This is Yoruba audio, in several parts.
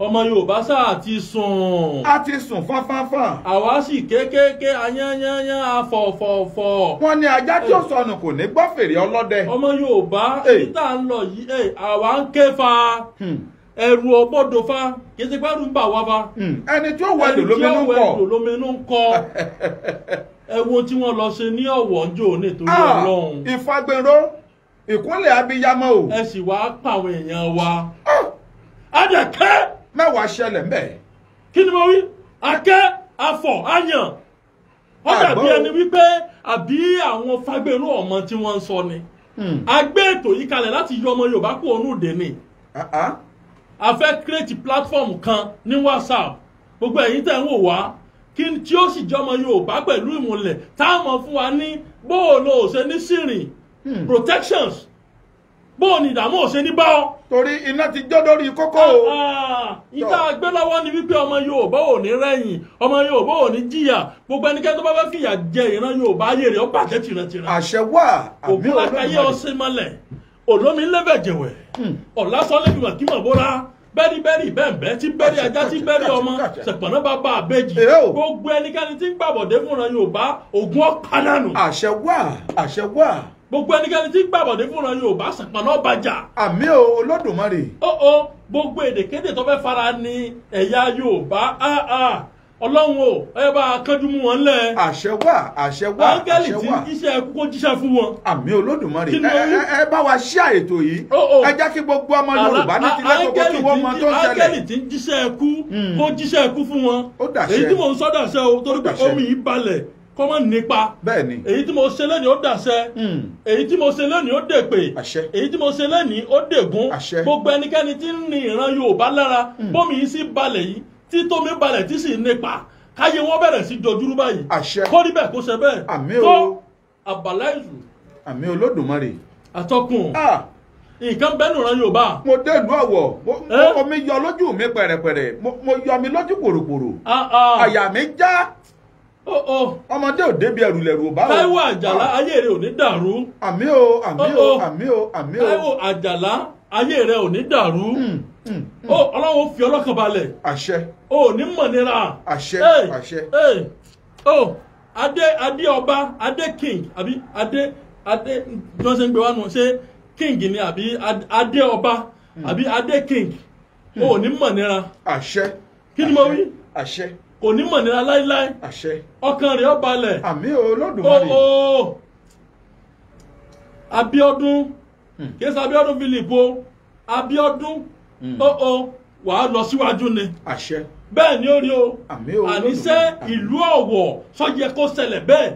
ọmọ yorùbá sáà ti sùn. a ti sùn fáfáfá. àwa sì kéékèèké ayányányá afọ̀fọ̀fọ̀. wọ́n ní ajá tí ó sọnù kò ní gbọ́ fèrè ọlọ́dẹ. ọmọ yorùbá èyí tá à ń lọ yìí àwa ń ké fa hmm. ẹrù ọgbọ́dọ̀ fa kì í ṣe gbẹ́rù ń bà wá fa. Hmm. ẹni tí ó wọ ẹdùn lóminú ń kọ ẹ wo tí wọ́n lọ ṣe ní ọ̀wọ́ ń jò nítorí ah, ọlọ́run. ìfagbèrò ìkúnlẹ̀ abiyamọ o. ẹ sì wá pàwọn èèyàn wa. adẹ̀kẹ́. Ah mẹ́wàá ṣẹlẹ̀ mbẹ̀. kí ni mo wí akẹ́ afọ̀ àyàn wọ́n dàbí ẹni wípé àbí àwọn fagbèrú ọmọ tí wọ́n ń sọ ni hmm. a gbé ètò yìí kalẹ̀ láti yọ ọmọ yorùbá kú òun òde ni ah, ah. a fẹ́ create platform kan ní whatsapp gbogbo ẹ̀yin tẹ̀ ń wò wá kí tí ó sì jẹ́ ọmọ yorùbá pẹ̀lú ìmùlẹ̀ táwọn fún wa ní bóòlù òṣèlú sírìn hmm. protections. Hmm bóò ni ìdààmú ò ṣe ní bá ọ. torí iná ti jọ́ lórí kókó ah, ah. ìta gbé lọ́wọ́ ni wípé ọmọ Yorùbá ò ní rẹ̀yìn ọmọ Yorùbá ò ní jìyà gbogbo ẹnikẹ́ni tó bá fẹ́ fìyà jẹ ìran Yorùbá ayé rẹ̀ ó bàjẹ́ tìrantìran. àṣẹ wà àbí ọlọ́run ògùn àgbáyé ọsẹ mọ́lẹ̀ òdómi lẹ́bẹ̀ jẹ̀wẹ̀ hmm. ọ̀lásán lẹ́bi màkímọ̀ bóra bẹ́ẹ̀ni bẹ́ẹ̀ni bẹ́ẹ̀nbẹ́ tí bẹ́ẹ̀ni ajá tí bẹ́ẹ̀ni ọmọ ṣẹ̀pọ̀nà bàbá àbẹ́jì gbogbo ẹnikẹ́ni tí ń gbàbọ̀dé fúnra Yorùbá ògùn ọ̀kadà àṣẹ wà àṣẹ wà gbogbo ẹnikẹ́ni tí gbàbọ̀dé fúnra yorùbá sàpàná bàjà. àmì o olódùmarè. ó o gbogbo èdèkéde tó fẹ́ fara ni ẹ̀yà yorùbá ọlọ́run o ẹ bá a kánjú mú wọn lẹ. àṣẹ wà àṣẹ wà àṣẹ wà áńgẹ́lì tí iṣẹ́ kókó jíṣẹ́ fún wọn. àmì olódùmarè ẹ ẹ bá wa ṣí àètò yìí ẹ jẹ́ kí gbogbo ọmọ yorùbá ní tilẹ̀ gbogbo tí wọ́n mọ tó ń ṣẹlẹ̀. áńgẹ́lì tí jíṣẹ́ kú hmm. kó jíṣẹ́ kú fún wọn. ó dàṣẹ èyí tí mò ń sọ́dọ̀ ṣe o torí pé omi yìí balẹ̀ kó mọ̀ nípa. bẹ́ẹ̀ni. èyí tí mo ṣe lẹ́ni ó dàṣẹ. Hmm. èyí tí mo ṣe lẹ́ni ó dèpè. àṣẹ. èyí tí mo ṣe lẹ́ni ó dègún. àṣẹ. gbogbo ẹnikẹ́ni tí ń ni ìran Yorùbá lára. Hmm. bómi yìí sí balẹ̀ yìí tí tómi balẹ̀ tí sì nípa káyé wọn bẹ̀rẹ̀ sí dojúrú báyìí. àṣẹ. kó rí bẹ́ẹ̀ kó ṣe bẹ́ẹ̀. àmì o tó àbàlá ìlú. àmì Olódùmarè. àtọkùn. ah nǹkan bẹ́nu ran yorùbá. mo dé ìlú ọ̀wọ̀ omi yọ lójú mi pẹ̀rẹ̀pẹ̀rẹ̀ mo yọ mi lójú kòròkòrò àyà Oh, oh. ọmọdé ò débi ẹrù lẹrù bá o. Táíwò Àjàlá ah. ayé rẹ ò ní dàrú. àmì o àmì o oh, àmì o àmì o. Táíwò Àjàlá ayé rẹ ò ní dàrú. ó hmm, hmm, hmm. ọlọ́run ó fi ọlọ́kàn balẹ̀. àṣẹ. o ò ní mọ̀ nira. àṣẹ àṣẹ. o adé adé ọba adé king àbí adé adé bí wọ́n ṣe ń gbé wa nù ṣé king ni àbí adé ọba àbí adé king o ní mọ̀ àṣẹ. kí ni mo wí. àṣẹ onímọ̀nira láíláí ọkàn rẹ̀ ó balẹ̀ àmín olódùmarè ooo oh, oh. Abíọ́dún hmm. kìí ṣe Abíọ́dún Philip o Abíọ́dún hmm. ooo oh, wàá lọ síwájú ni bẹ́ẹ̀ ni ó rí o àníṣe ìlú Ọ̀wọ̀ sọ́yẹ kó ṣẹlẹ̀ bẹ́ẹ̀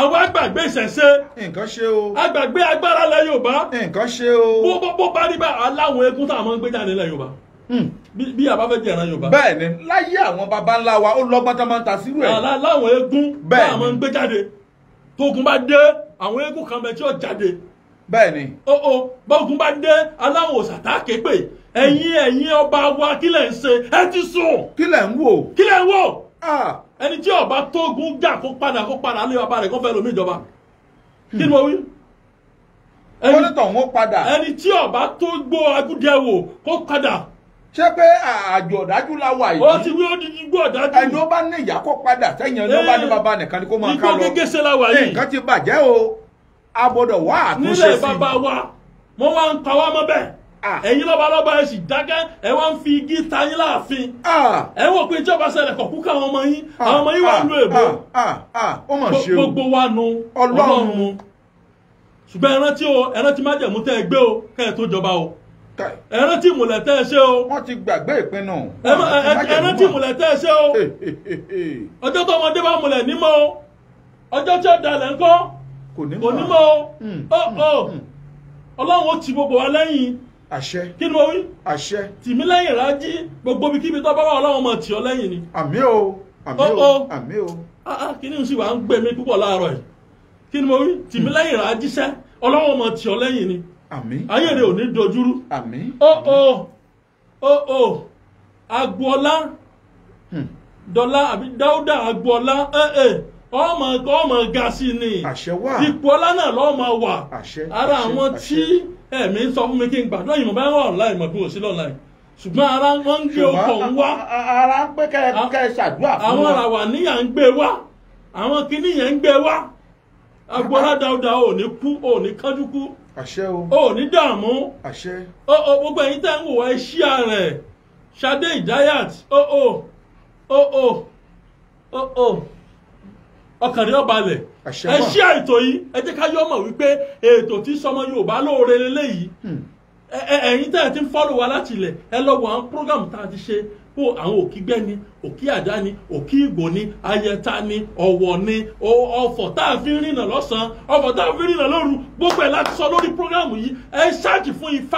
àwọn agbàgbé ìṣẹ̀ṣe nǹkan ṣe o agbàgbé agbára lẹ Yorùbá nǹkan ṣe o bó bó bá rí bá aláwọn eégún tá a máa ń gbé jáde lẹ Yorùbá. Hmm bí a bá fẹ́ jẹ̀ràn yorùbá. bẹ́ẹ̀ni láyé àwọn baba ńlá wa ó lọ́gbọ́n tó máa ń ta sírú ẹ̀. láwọn eégún bẹ́ẹ̀ máa ń gbé jáde tógun bá dé àwọn eégún kan bẹ tí ó jáde. bẹ́ẹ̀ni. o o bógun bá dé aláwọ̀ òṣàtà képe ẹ̀yin ẹ̀yin ọba wa kí lẹ̀ ń ṣe ẹ ti sùn. kí lẹ̀ ń wò. kí lẹ̀ ń wò. ẹni tí ọba tógun jà kó padà kó padà lé baba rẹ̀ kó fẹ́ lómi ìjọba. kí ni mo wí ẹni tí ọba tó gbó agúdẹ wò kó padà ṣé pé àjò ọ̀dájú la wà yìí. ó ti wí odidi gbọ́ ọ̀dájú. ẹni ó bá ní ìyá kó padà sẹ́yìn ẹni ó bá ní eh, bàbá nìkan ni kó máa ká lọ. nígbà gẹ́gẹ́sẹ̀ la wà yìí. nǹkan ti bàjẹ́ o a gbọ́dọ̀ wá àtúnṣe sí i. nílẹ̀ bàbá wa mo wá ń pa wá mọ́ bẹ́ẹ̀ ẹ̀yin lọ́balọ́ba ẹ̀ sì dákẹ́ ẹ̀ wá ń fi igi ta yín láàfin ẹ̀ wò pé ìjọba ṣẹlẹ̀ kọ̀ kúkà àwọn ọmọ yín àwọn ọmọ yín wà ń lo èbó gbogbo wa nu ọlọ́run ṣùgbọ́n ẹ rántí ìmùlẹ̀ tẹ́ ẹ ṣe o. wọ́n ti gbàgbé ìpinnu. ẹ rántí ìmùlẹ̀ tẹ́ ẹ ṣe o. ọjọ́ tó ọmọdé bá múlẹ̀ nímọ̀ o ọjọ́ tí ó dalẹ̀ ńkọ́ kò nímọ̀ o. Hmm, oh, hmm, oh. Hmm. ọlọ́run ó ti gbogbo wa lẹ́yìn àṣẹ. kí ni mo wí. àṣẹ. tìmí lẹ́yìn rájí gbogbo ibi kíbi tó bá wà ọlọ́run mọ̀ tì ọ́ lẹ́yìn ni. àmì o àmì o oh, àmì o. Ah, ah, kí ni n sì wá ń gbẹ̀mí púpọ̀ láàárọ̀ yìí kí ni mo wí tìmí lẹ́yìn rájí sẹ́ ọlọ́run mọ̀ tì ọ́ lẹ́yìn ni àmín ayé rẹ ò ní dojúrú àmín ó ó ó ó agboola hmm. dọlá àbí dáúdà agboola ẹ eh, ẹ eh. ọmọ ọmọ ga sí ni ipò ọlá náà lọ́mọ wà ara àwọn tí ẹ̀mí sọ fún mi kí n gbàdúrà ìmọ̀ bá wà ọ̀la ìmọ̀ bí wò sí lọ́la yìí ṣùgbọ́n ara wọn ń gbé ọkọ̀ ń wá ara ń pé kẹ́ ẹ ṣàdúrà fún wa àwọn àràwà níyà ń gbé wá àwọn kìíní yẹn ń gbé wá agbọ́lá dáúdà ò ní kú ò ní kánjú kú àṣẹ o. o ní dààmú. àṣẹ. o o gbogbo ẹ̀yin tẹ́ ń wò ẹ ṣí ààrẹ Ṣadé Hidayat o o o o o o ọkàn rẹ ọbalẹ̀ ẹ ṣí ètò yìí ẹ jẹ́ ká yọ ọmọ wípé ètò tí sọmọ Yorùbá lóore lélẹ́yìí hmm. ẹ̀yin tẹ́ ẹ ti ń fọ́lọ̀ wa láti ilẹ̀ ẹ lọ wọ àwọn program tá a ti ṣe ó àwọn òkígbẹ́ ni òkí àdá ni òkí ni ayẹta ni ọ̀wọ̀ ni ọ̀fọ̀ tá a fi rìnà lọ́sàn-án ọ̀fọ̀ tá a fi rìnà lóru gbogbo ẹ̀ láti sọ lórí prógrámù yìí ẹ ṣáàjì fún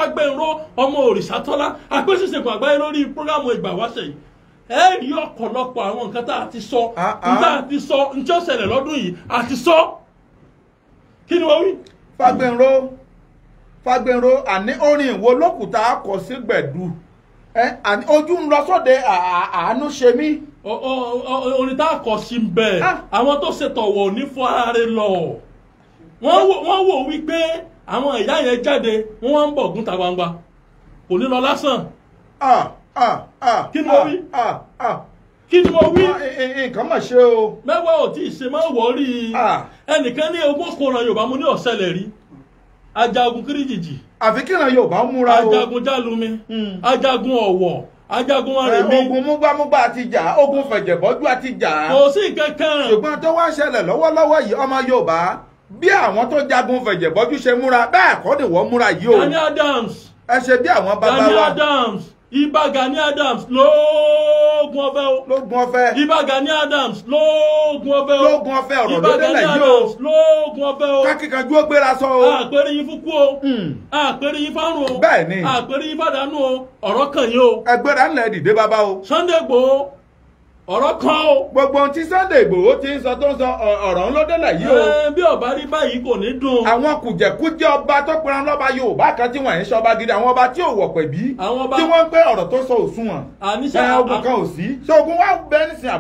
ọmọ Òrìṣàtọ́lá àpèsèsègùn àgbáyé lórí programu ìgbà wáṣẹ̀ yìí ẹ rí ọ̀pọ̀lọpọ̀ àwọn nǹkan tá a ti sọ ah, ah. nǹkan tá a àní orin ìwo lókùtà kọ sí Eh, and ojú ń lọ sóde àánú ṣe mí. orin tá a kọ sí ń bẹ ah. àwọn tó ṣètò wọ ní fún ara rẹ lọ wọ́n wò wípé àwọn ìyá yẹn jáde wọ́n wá ń bọ̀ gúnta gbangba kò ní lọ lásán. kí ni mo wí. kí ni mo wí. nǹkan mà ṣe o. mẹ́wàá ò tí ì ṣe máa wọ̀ rí i ẹnìkan ní ogún kòràn yorùbá mo ní ọ̀sẹ̀ lẹ̀ rí ajagun kiri jìjì àfi kíran yorùbá múra o. ajagun jálumi hmm. ajagun ọ̀wọ̀ ajagun arèmí. Eh, ogun múgbàmúgbà àti jà ogun fẹ̀jẹ̀bọ́jú àti jà. kò sí kankan. ṣùgbọ́n tó wá ṣẹlẹ̀ lọ́wọ́lọ́wọ́ yìí ọmọ yorùbá bí àwọn tó jagun fẹ̀jẹ̀bọ́jú ṣe múra bẹ́ẹ̀ kọ́ ni wọ́n múra yìí o. Gani Adams. ẹ ṣe bí àwọn bàbá wa. Daniel Adams. Ibà Gani Adams lóògùn ọ̀fẹ́ o. lóògùn ọ̀fẹ́. Ibà Gani Adams lóògùn ọ̀fẹ́ o. lóògùn ọ̀fẹ́ ọ̀rọ̀ ló délẹ̀ yìí o. lóògùn ọ̀fẹ́ o. kákìkanjú ó gbéra sọ o. àpèrè yín fúnkú o. àpèrè hmm. yín fárùn o. bẹ́ẹ̀ ni àpèrè yín fàdánù o. ọ̀rọ̀ kàn yín o. ẹgbẹ́ra ńlẹ̀ dìde bàbá o. Sunday Igboho ọ̀rọ̀ kan o. gbogbo ohun tí Sunday Igboho ti ń sọ tó ń sọ ọ̀rọ̀ ń lọ délẹ̀ yìí o. bí ọba rí báyìí kò ní dùn. àwọn kùjẹ̀kùjẹ ọba tó pera lọ́ba Yorùbá kan tí wọ́n ń ṣọba gidi àwọn ọba tí ò wọ̀ pẹ̀bí. àwọn ọba tí wọ́n ń pẹ́ ọ̀rọ̀ tó sọ òṣùwọ̀n. àníṣe àwọn ogun kan ò sí. ṣé ogun wa bẹ́ẹ̀ nísìnyí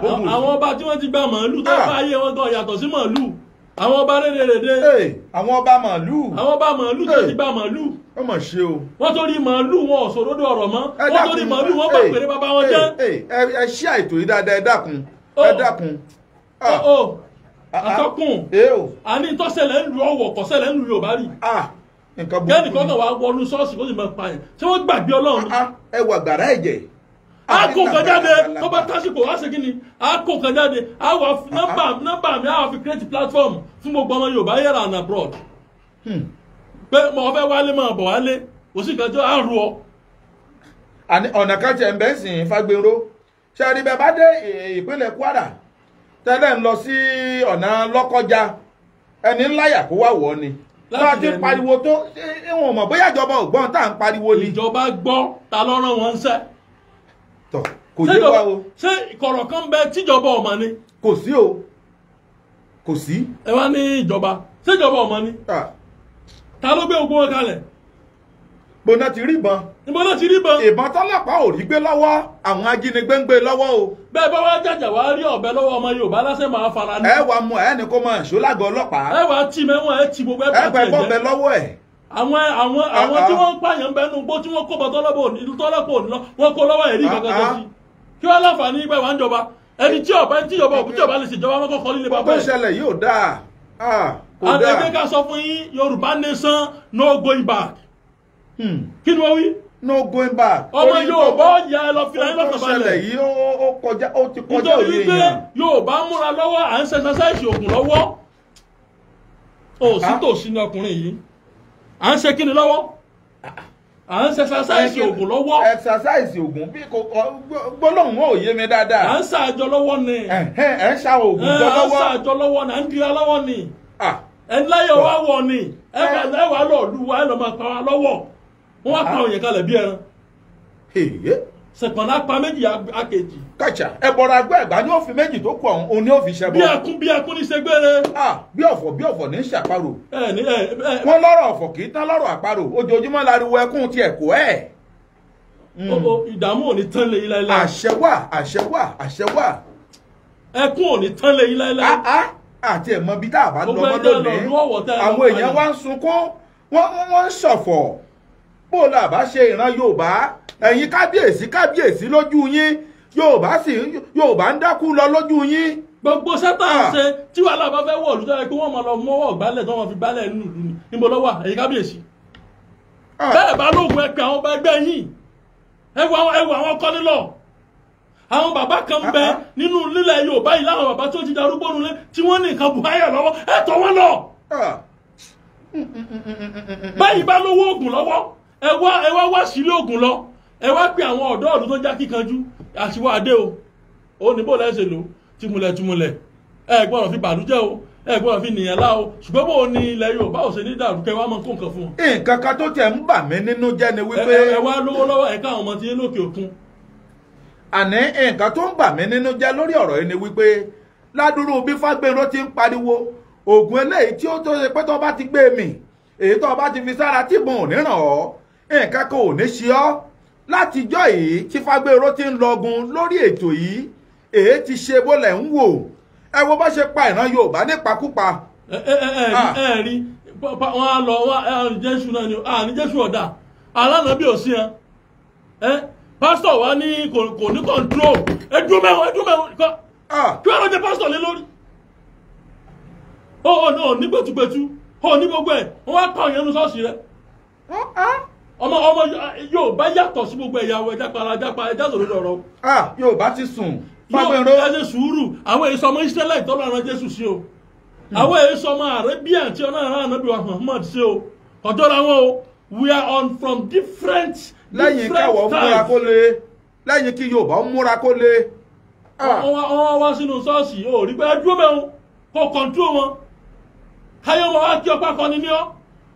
àbóbò àwọn ọba rédèrèdè. àwọn ọba màálù. àwọn ọba màálù tó ti bá màálù. wọ́n mọ̀ ṣe o. wọ́n torí màálù wọn òṣòrodo ọ̀rọ̀ mọ́. wọ́n torí màálù wọn bá pèrè bàbá wọn jẹ́. ẹ ṣí àìtò yìí dáadáa ẹ dákun oh. ẹ dákun. Oh, ah. oh. ah, ah. àtọkùn àní ìtọ́sẹ̀lẹ̀ ń lu ọ̀wọ̀ kọ́sẹ̀lẹ̀ ń lu Yorùbá rí kẹ́nìkan náà wàá wọnú ṣọ́ọ̀ṣì kó sì máa pa ẹ̀ ṣé wọ́n gbàgbé Ọlọ́run. ẹ wà gbàrà ẹ̀jẹ̀ a kó nǹkan jáde tó bá tásìkò a ṣe kí ni a kó nǹkan jáde a wà nọ́mbà nọ́mbà mi a wà fi create platform fún gbogbo ọmọ Yorùbá yẹ̀rọ and abroad hmm. pé mo fẹ́ wálé máa bọ̀ wálé kò sí ìkànjọ́ à ń ru ọ. ọ̀nà kan jẹ́ ǹbẹ́ sìn fagbero ṣe ni bẹ́ẹ̀ bá dé eh, ìpínlẹ̀ Kwara tẹ́lẹ̀ ń lọ sí ọ̀nà Lọ́kọ́jà ẹni ńláyà kó wà wọ́ ni láti pariwo tó ìwọ̀n mọ̀ bóyá ìjọba ò gbọ́n tá à ń pariwo ni. ìjọba gbọ́ ta ló wọn ń sẹ́ tọ kò yé wa o. ṣé ìkọ̀rọ̀ kan bẹ tíjọba ọmọ ni. kò sí o kò sí. ẹ wá ní ìjọba ṣé ìjọba ọmọ ni. ta ló gbé ogun wọn kalẹ̀. gbóná ti rí ìbọn. gbóná ti rí ìbọn. ìbọn tọ́lọ́pàá ò rí gbé lọ́wọ́ àwọn ajínigbé ń gbé lọ́wọ́ o. bẹ́ẹ̀ bá wá jàjà wá rí ọ̀bẹ lọ́wọ́ ọmọ yorùbá lásẹ̀ máa fara ní. ẹ wàá mú ẹ ní kó máa ṣó lágọ̀ọ́ ọlọ́pàá. ẹ wàá tì mẹ́wọ̀n ẹ tì gbogbo ẹ àwọn àwọn ah, àwọn tí ah. wọ́n ń pààyàn bẹ́ẹ̀ nù gbó tí wọ́n kó bọ́ tọ́lọ́pọ̀ ìlú tọ́lọ́pọ̀ òní kó lọ́wọ́ ẹ̀rí ah, kankan tó sí kí wọ́n láǹfààní ìgbà ìwà ń jọba ẹni tí ọba tí ọba òbí tí ọba lè ṣèjọba wọn kọ́kọ́ líle bàbá ẹ̀. ó ṣẹlẹ̀ yóò dáa kò dáa. àtẹ̀jẹ́ ká sọ fún yín Yorùbá nation no going back. Hmm. kí ni wọ́n wí no going back. ọmọ yorùbá ọjà ẹ lọ fi ayé lọ́sọ̀ balẹ̀. ìṣẹ̀lẹ̀ yìí ó kọjá ó ti kọjá òye yẹn. nítorí pé yorùbá múra lọ́wọ́ à ń ṣe exercise ògùn lọ́wọ́. òsítòsí ni ọkùnrin yìí à ń ṣe kíni lọ́wọ́ à ń ṣe ṣàṣàìsì ògùn lọ́wọ́. ẹ ṣàṣàìsì ògùn bí kò gbólóhùn wọn ò yé mi dáadáa. à ń ṣàjọ lọ́wọ́ ni. ẹ ń ṣa ògùn jọ lọ́wọ́. à ń ṣàjọ lọ́wọ́ ni à ń dira lọ́wọ́ ni. ẹ ń láyọ̀ wá wọ̀ ni ẹ bá ẹ wà lọ́ọ̀lù wa ẹ lọ́ọ́ máa pa wa lọ́wọ́ wọn wá pa òyìnkalẹ̀ bí ẹran. sẹ̀pọ̀nà apá méjì akéjì kàṣà ẹbọra agbó ẹgbà ni ó fi méjì tó kù ọ̀hún òun ni ó fi ṣẹbọ. bí akún bí akún ní ṣègbére. bí ọ̀fọ̀ bí ọ̀fọ̀ ní ṣàparò. wọ́n lọ́rọ̀ ọ̀fọ̀ kì í tán lọ́rọ̀ àparò ojoojúmọ́ lariwo ẹkún ti ẹ̀kọ́ hmm. o ìdààmú ò ní tán lé yín láéláé. àṣẹ wà àṣẹ wà àṣẹ wà. ẹkún ò ní tán lé yín láéláé. Ah, ah, àti ẹ̀mọ́ bí tá a bá lọ́mọ lónìí àwọn èèyàn wá ń sunkún wọ́n ń ṣọ̀fọ̀ bó la bá ṣe ìran Yorùbá ẹ̀yin kábíyèsí kábíyèsí lójú yín yorùbá sì yorùbá ń dákú lọ lójú yín. gbogbo sẹ́tà ń ah. ṣe tí wàhálà bá fẹ́ wọ̀ lùtọ́ yẹ kí wọ́n máa lọ mọ́wọ́ gbálẹ̀ tí wọ́n fi gbálẹ̀ nínú ìlú ni níbo ló wà èyí kábíyèsí. bẹ́ẹ̀ ah. bá lóògùn ẹgbẹ́ àwọn ọba ẹgbẹ́ yìí ẹwà àwọn kọ́nílọ̀ àwọn bàbá kan bẹ ah. nínú lílẹ̀ yorùbá yìí láwọn bàbá tó ti darúgbó nulẹ̀ tí wọ́n ní nǹkan buhari lọ́wọ́ ẹ̀ tọ́ wọn lọ báyìí bá lówó oògùn lọ́wọ́ ẹ ẹ wá pé àwọn ọ̀dọ́ ọ̀dún tó já kíkanjú àṣìwọ adé o ó ní bó lẹ́sẹ̀ lò tìmùlẹ̀ tìmùlẹ̀ ẹ gbọ́dọ̀ fi bàlújẹ́ o ẹ gbọ́dọ̀ fi nìyẹn lá o ṣùgbọ́n bó o ní ilẹ̀ Yorùbá ò ṣe ní dàrú kẹ wá mọ kó nǹkan fún wọn. nǹkan kan tó tiẹ̀ ń bà mí nínú jẹ́ ni wípé. ẹ wá lówó lọ́wọ́ ẹ̀ka àwọn ọmọ tí yín lókè òkun. àní nǹkan tó ń bà mí nínú jẹ́ lórí ọ̀rọ̀ yìí ni wípé ládùúrú bí Fágbèmí ti ń pariwo oògùn eléyìí tí ó tó ṣe pé tó bá ti gbé mi èyí tó bá ti fi sára tí mo ò ní ràn ọ́ nǹkan kan ò ní ṣe ọ́ látijọ́ yìí tí fagbèrò ti ń lọgun lórí ètò yìí èyí ti ṣe bólẹ̀ ń wò ẹ wo bá ṣe pa ìran yorùbá nípakúpa. ẹ ẹ ẹ ẹ ah. rí wọn á lọ wọn á jésù náà ni à ah, ní jésù ọ̀dà alánà bí òsín ẹ pásítọ̀ wa ní kò ní kọ̀ǹtró ẹ dúró mẹ́wọ̀n ẹ dúró mẹ́wọ̀n kọ́ ah. kí wọ́n lọ jẹ pásítọ̀ lé lórí ó ní gbẹtugbẹtu ó ní gbogbo ẹ̀ wọ́n á kọ́ ìyẹn nu ṣọ́ọ̀ṣì rẹ̀ ọmọ ọmọ ah, Yorùbá yàtọ̀ sí gbogbo ẹ̀yà àwọn ẹ̀dá para ẹ̀dá para ẹ̀dá sọ̀rọ̀ ọ̀rọ̀. a ah, ti sùn. Yóò ẹ ṣe sùúrù àwọn èso ọmọ Ísírẹ́lì tọ́lọ́ ara Jésù sí o àwọn èso ọmọ Arabia tí ọ̀nà ara ànábì wa Muhammad sí o ọ̀dọ́ra wọn o we are on from different lẹ́yìn káwọ̀ múra kó le lẹ́yìn kí Yorùbá múra kó le. Ah. wọ́n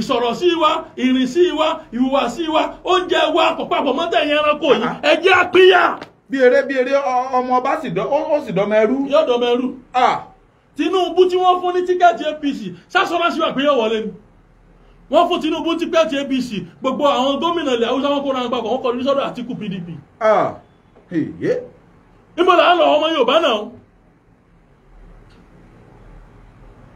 ìsọ̀rọ̀ sí wa ìrìn sí wa ìhùwà sí wa oúnjẹ wa àpòpapọ̀ mọ́tẹ̀yìn ẹranko yìí ẹ jẹ́ àpínyà. bí eré bí eré ọmọ ọba sì dọmọ ẹrú. yóò dọmọ ẹrú. Tinubu tí wọ́n fún ní tíkẹ́ẹ̀tì APC sásọ́nà sí wa pé yóò wọlé ni wọ́n fún Tinubu tíkẹ́ẹ̀tì APC gbogbo àwọn gómìnà ilẹ̀ Haúsá wọn kó ra gbàgbọ́ wọn kọ ní sọ́dọ̀ Àtíkù PDP. níbo là ń lọ ọmọ Yorùbá náà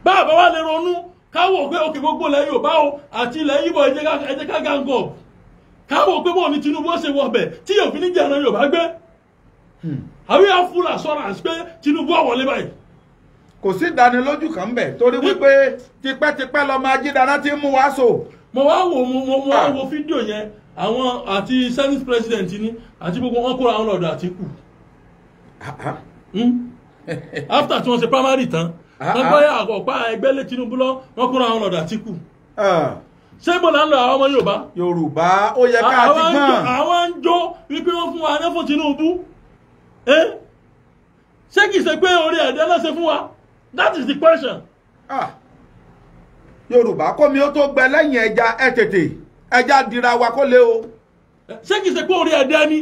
bá àbá wa lè ronú káwọ̀ pé òkè gbogbo ilẹ̀ Yorùbá o àti ilẹ̀ Ìgbò ẹ jẹ́ ká gàngọ̀ káwọ̀ pé bọ́ọ̀ ni Tinubu ṣe wọ ọbẹ̀ tí yóò fi ní jẹ́ ẹran Yorùbá gbé àwí á full assurance pé Tinubu àwọlé báyìí. kò sí ìdánilójú kan bẹ̀ torí wípé tipẹ́tipẹ́ lọ́mọ ajídáná ti ń mú wá so. mo wá wo mo mo wá ah. wo fídíò yẹn àwọn àti senate president ni àti gbogbo wọn kóra àwọn lọ́dọ̀ Àtíkù ah, ah. hmm? after tí wọ́n ṣe primary tán lọ́gbọ́n ah, ah. àgbọ̀pá ẹgbẹ́ lé Tinubu lọ wọ́n kúrò àwọn ọ̀dọ̀ Àtíkù ah. ṣé mo là ń lo àwọn ọmọ Yorùbá. Yorùbá ó yẹ ká ti gbọ́n. àwọn ń jó wípé wọ́n fún wa ní fún Tinubu ṣé kìí ṣe pé orí ẹ̀dẹ́ lọ́sẹ̀ fún wa that is the question. Yorùbá kómi ó tó gbẹ lẹ́yìn ẹja ẹ tètè ẹja dira wa kó lé o. ṣé kìí ṣe pé orí ẹ̀dẹ́ ni.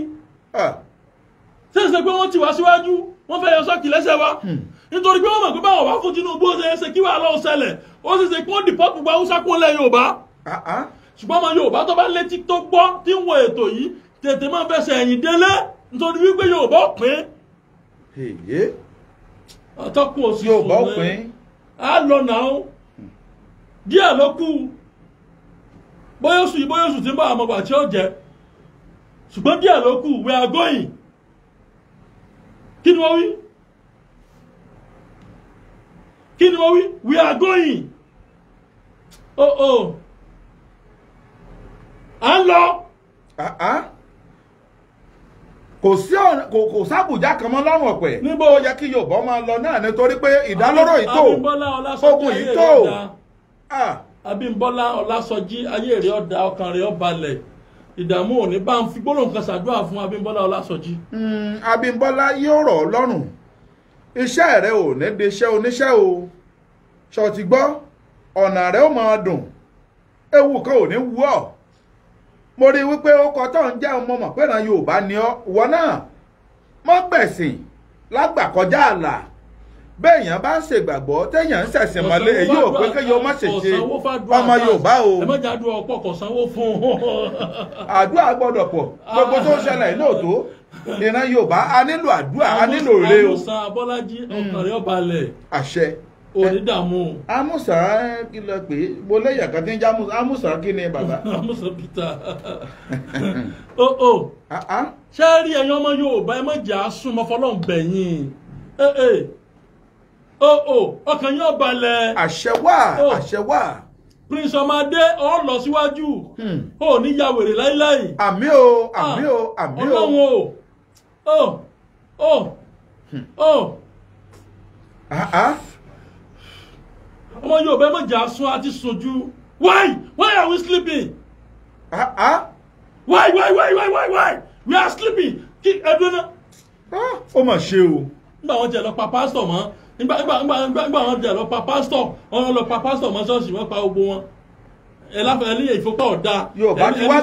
sẹ́sẹ̀ pé wọ́n ti wá síwájú wọ́n fẹ́ yọ sọ́ọ̀kì lẹ́sẹ̀ wa hmm. nítorí pé wọ́n mọ̀ pé báwọn wá fún Tinubu ó ṣe é ṣe kí wàá lọ́ọ́ ṣẹlẹ̀ ó sì ṣe pé ó dìpọ́ gbogbo haúsá kó lẹ̀ Yorùbá ah, ah. ṣùgbọ́n ọmọ Yorùbá tó bá létí tó gbọ́ tí ń wo ètò yìí tètè máa fẹsẹ̀ ẹ̀yìn délé nítorí wípé Yorùbá ò pín. ọtọkùn òsì sùn ní á lọ nàá díẹ̀ ló kù bóyá oṣù yìí bóyá oṣù tí ń bá àmọ̀gbà tí ó jẹ ṣùgbọ́n díẹ̀ ló kù we are going. kí ni wọ́n wí kí ni wọ́n wí we are going oh oh à ń lọ. Ah, ah. kò sí ọ̀nà kò kò sábùjá kan mọ́ lọ́rùn ọ̀pẹ níbo ó yẹ kí Yorùbá máa lọ náà nítorí pé ìdálóró yìí tó ogun yìí tó. Abímbọ́lá Ọlásọjí ah. ayé rẹ̀ ọ̀dà ọkàn rẹ̀ ọ̀balẹ̀. ìdààmú òní bá ń fi gbólóhùn kan ṣàdúrà fún Abímbọ́lá Ọlásọjí. Hmm, Abímbọ́lá yóò rọ̀ ọ́ lọ́rùn iṣẹ́ rẹ ò ní di iṣẹ́ oníṣẹ́ o ṣọ̀tì gbọ́ ọ̀nà rẹ ó máa dùn ewu kan ò ní wú ọ mo rí i wípé ó kọ tó ń jẹ́ ọmọ mọ̀ pé ìran Yorùbá ni ọ ìwọ náà mọ́ gbẹ̀sìn lágbàkọjá ààlà bẹ́ẹ̀yàn bá ṣègbàgbọ́ téèyàn ń ṣẹ̀sìn mọ́lé èyí ò pé kéèyàn má ṣe ṣe ọmọ Yorùbá o. ẹ mọ́jà àdúrà ọ̀pọ̀ kò sanwó fún àdúrà gbọ́dọ̀ pọ̀ gbogbo tó ń ṣẹlẹ̀ lóòótọ́ ìran a nílò àdúrà a nílò o. Àmúsà Abọ́lájí ọkàn ọba lẹ̀. àṣẹ. òní dààmú. Àmúsà kí ló pé mo lẹ́yìn àkàn ń já Àmúsà kí ni bàbá. Àmúsà Peter. o o oh, oh. ah, ah. ṣé rí ọmọ Yorùbá ẹ fọlọ́ọ̀ bẹ̀yìn. Eh, eh. Oh oh, ọkàn yóò balẹ̀. àṣẹ wà oh, àṣẹ wà. prince ọmọdé ọ lọ síwájú o hmm. ní ya wèrè láíláí. àmì o àmì o ah, àmì o ọlọ́run o o o o. ọmọ yorùbá ẹ mọ̀jà sun àti sojú why why are we sleeping. Uh -uh. why why why why why why we are sleeping kí ẹ dúró náà. ó mà ṣe o. nígbà wọn jẹ lọ pa pásítọ̀ mọ́ nígbà wọn jà lọ pa pásítọ̀ wọn lọ pa pásítọ̀ mọ́ ṣọ́ọ̀ṣì wọn pa gbogbo wọn ẹ láfẹ ní ìfọpá ọ̀dà yorùbá ti wá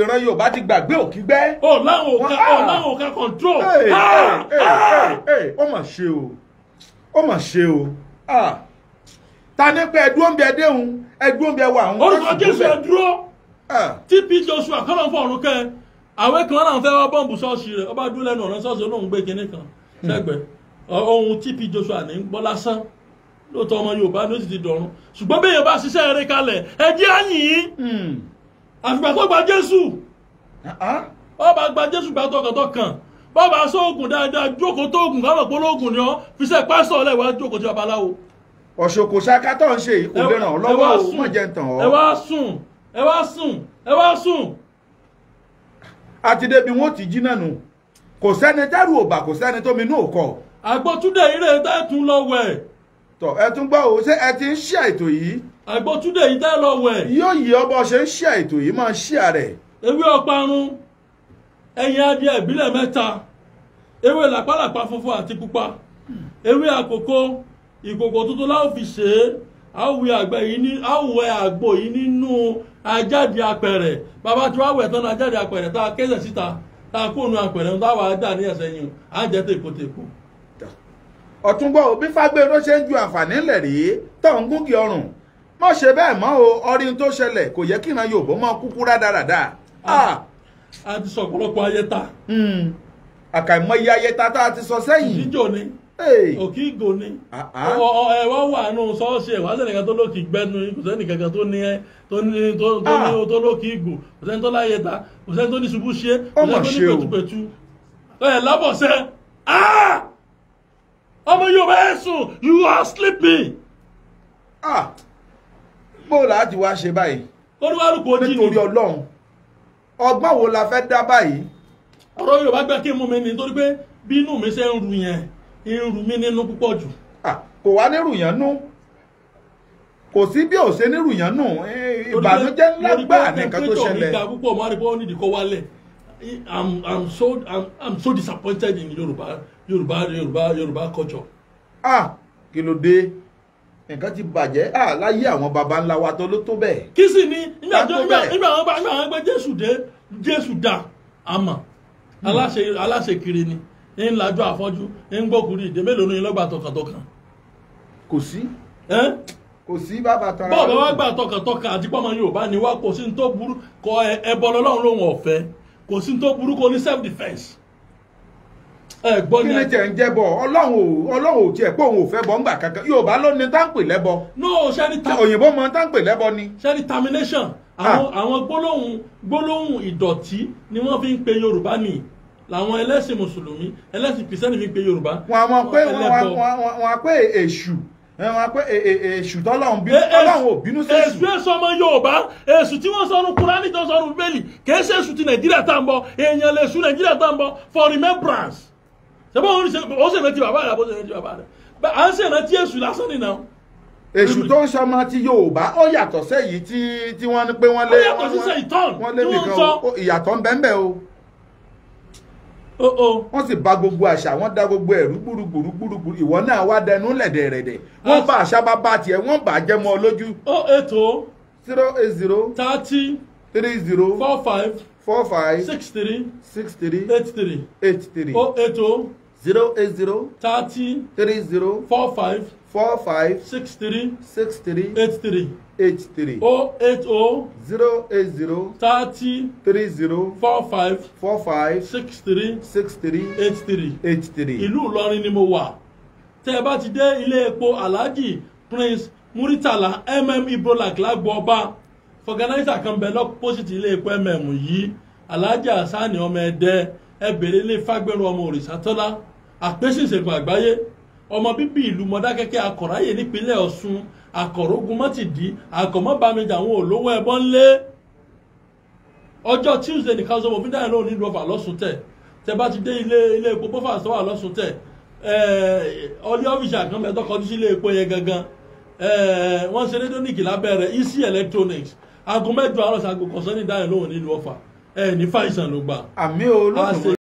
ìran yorùbá ti gbàgbé òkígbẹ́. o láwọn òka o láwọn òka control. ó mà ṣe o ó mà ṣe o ta ni pé ẹdú oúnjẹ déhùn ẹdú oúnjẹ wà àwọn. orúkọ jésù ẹ dúró tp joshua kọ́nà fún ọ̀run kẹ́ ẹ kan náà fẹ́ ohun tí P Joshua ní ń gbọ́ lásán lóòótọ́ ọmọ Yorùbá ló sì ti dọ̀run ṣùgbọ́n bẹ́ẹ̀ bá ṣiṣẹ́ rẹ kalẹ̀ ẹ jẹ́ àyìn hmm. àfìgbà tó gba Jésù ọba gba Jésù gba tọkàntọkàn bọ́ọ̀bà sóògùn dáadáa jókòó tóògùn káwọn polóògùn ni ọ́ fi sẹ́ pásítọ̀ ọlẹ́wà jókòó tí babaláwo. ọ̀ṣọ́kò ṣáká tó ń ṣe yìí kò lè ràn ọ́ lọ́wọ́ o mọ̀ jẹ́ tàn ọ́. ẹ wá sùn ẹ wá sùn ẹ wá sùn. àti débi wọn ò ti jí náà nù kò sẹ́ni tẹ́rù ò kò sẹ́ni tómi inú ò kọ̀. àgbọ̀túndé ire tẹ́ tún lọ wẹ̀. tọ ẹ tún gbọ́ o ṣé ẹ ti ń ṣí ètò yìí. àgbọ̀túndé yìí tẹ́ lọ wẹ̀. yóò yí ọ ṣe ń ṣí ètò yìí máa ṣí ewé ọparun ẹyin adìẹ ìbílẹ̀ funfun àti pupa ewé àkókò ìkòkò tuntun láò fi ṣe é àwọ̀ àgbò yìí nínú ajáde apẹ̀rẹ̀ bàbá tí wàá wẹ̀ tán ajáde apẹ̀rẹ̀ tá a kéde síta tá a kó apẹ̀rẹ̀ a wà á dà ọ̀túnbọ̀ òbí fágbéró ṣe ń ju àǹfààní ńlẹ̀ rí tó ń ọrùn mọ́ ṣe bẹ́ẹ̀ mọ́ o ọrin tó ṣẹlẹ̀ kò yẹ kíran Yorùbá mọ́ kúkú ah! a ti sọ ọ̀pọ̀lọpọ̀ ayẹta. Hmm, àkàìmọye ayẹta tá a ti sọ sẹ́yìn. ni ni wà nù sọ́ọ̀ṣì ẹ̀wọ́ àtẹnìkan tó lókì gbẹ́nu kò ní ẹ tó ní tó ah! lókì ìgò kò sẹ́ni tó kò ní ṣubú ṣe kò sẹ́ni tó ní ọmọ yorùbá ẹ sùn you are sleeping. ah bó láti wá ṣe báyìí. olúwarúkọ ojì ni nítorí ọlọ́run ọgbọ́n wo la fẹ́ dá báyìí. ọ̀rọ̀ yorùbá gbà kí n mú mi nítorí pé bí inú mi ṣe ń ru yẹn ń ru mi nínú púpọ̀ jù. Ah, kò wá nírú yẹn nú kò sí bí òṣè nírú yẹn nù eh, ìbànújẹ́ ńlá gbáà nìkan tó ṣẹlẹ̀. lórí pé ọ̀gá púpọ̀ mọ́ àríkọ́ nídìí kó wálẹ̀ I'm I'm so I'm, so disappointed in Yorùbá yorùbá yorùbá yorùbá culture. ah kí ló dé nǹkan ti bàjẹ́ ah láyé àwọn baba ńlá wa tó ló tó bẹ́ẹ̀. kí sì ni nígbà wọn bá nígbà wọn gbé jésù dé jésù dà àmọ́ hmm. aláṣẹ aláṣẹ kiri ni ń lajú àfọ́jú ń gbókùnrin ìdè mélòó ní lọ́gbà tọkàntọkàn. kò sí. kò sí bàbá tọ́ra. bọ́ọ̀ bá wá gbà tọkàntọkàn àti pọ́nmọ yorùbá ni wá kò sí ní tó burú kọ ẹbọ lọ́lọ́run lòun ọ̀fẹ́ kò sí ní tó burú kò ní self defence ẹ̀gbọ́n kí ni jẹ́ ń jẹ́ bọ̀ ọlọ́run ọlọ́run ò tiẹ̀ pé òun ò fẹ́ bọ̀ ńgbà kankan yorùbá ló ní táǹpì lẹ́bọ. no sẹ́ni ta òyìnbó mọ táǹpì lẹ́bọ ni. sẹ́ni termination ah. àwọn àwọn gbólóhùn gbólóhùn ìdọ̀tí ni wọ́n fi ń pe yorùbá ni làwọn ẹlẹ́sìn mùsùlùmí ẹlẹ́sìn kìrìsẹ́nì fi ń pe yorùbá. wọn àwọn pé wọn á pé èṣù wọn á pé e, e, èṣù tọ́lọ́run bínú tọ́lọ́run ò sí èṣù. èṣù èso ọmọ yorùbá èṣù tí wọ́n sọnù kúránì tó sọnù bíbélì kì èṣù ti nàìjíríà tá bọ̀ èèyàn lè ṣu nàìjíríà tá bọ̀ for remembrance ṣé báwo ni ó ṣe rántí bàbá rẹ àbó ṣe rántí bàbá rẹ à ń ṣe rántí èṣù lásán nìyẹn. èṣù tó ń ṣọmọ ti yorùbá ó yàtọ̀ sẹ́yìí tí tí wọ́n ní pé wọ́n lé wọ́n lé nìkan ìyàtọ̀ ń bẹ́ẹ̀ o wọ́n sì bà gbogbo àṣà wọ́n dà gbogbo ẹ̀rú gbúrúgbùrú gbúrúgbùrú ìwọ náà wá dẹnu lẹ̀dẹ̀rẹ̀dẹ̀ wọ́n bá àṣà bàbá tiẹ̀ wọ́n bà á jẹ́ mọ́ ọ lójú. ó oh ètò. Oh. zero eight zero. thirty. three zero. four five. four five. six three. six three. eight three. eight three. ó oh ètò zero eight zero. thirty. three zero. four five. four five. six three. six three. eight three. eight three. o oh eight o. Oh zero eight zero. thirty. three zero. four five. four five. six three. six three. eight three. eight three. ìlú ìlọrin ni mo wà tẹ́ ẹ bá ti dé ilé epo alhaji prince muritala mm ibola lagbo ọba fọgànáìsà kan bẹ lọ́pọ̀sìtì ilé epo mm yìí alhaji hasan ọmọ ẹ̀dẹ́ ẹ bèrè ilé fagbẹ́rù ọmọ òrìṣàtọ́lá àpèsèṣègùn àgbáyé ọmọ bíbí ìlú mọdákẹ́kẹ́ akọ̀ráyè nípínlẹ̀ ọ̀ṣun akọ̀rógun mọ́tìdí akọ̀mọ́bàmíjà àwọn olówó ẹbọ ńlé ọjọ́ tuesday nìkan sọ fún dáhùn náà nílùú ọ̀fà lọ́sùn tẹ̀ tẹ bá ti dé ilé ilé epo pọ́fà sọ́wà lọ́sùn tẹ̀ ọlé ọ́fíìsì àkànbẹ́tọ́ kọjú sí ilé epo yẹn gangan wọ́n ṣe rédíòníkì lábẹ́rẹ̀ ec electronics aago mẹ́jọ àárọ̀ ṣàgùkọ̀sọ́ ní dáhùn náà nílùú ọ̀fà ẹ̀ ní fàìsàn ló gbà. àmì olóòtú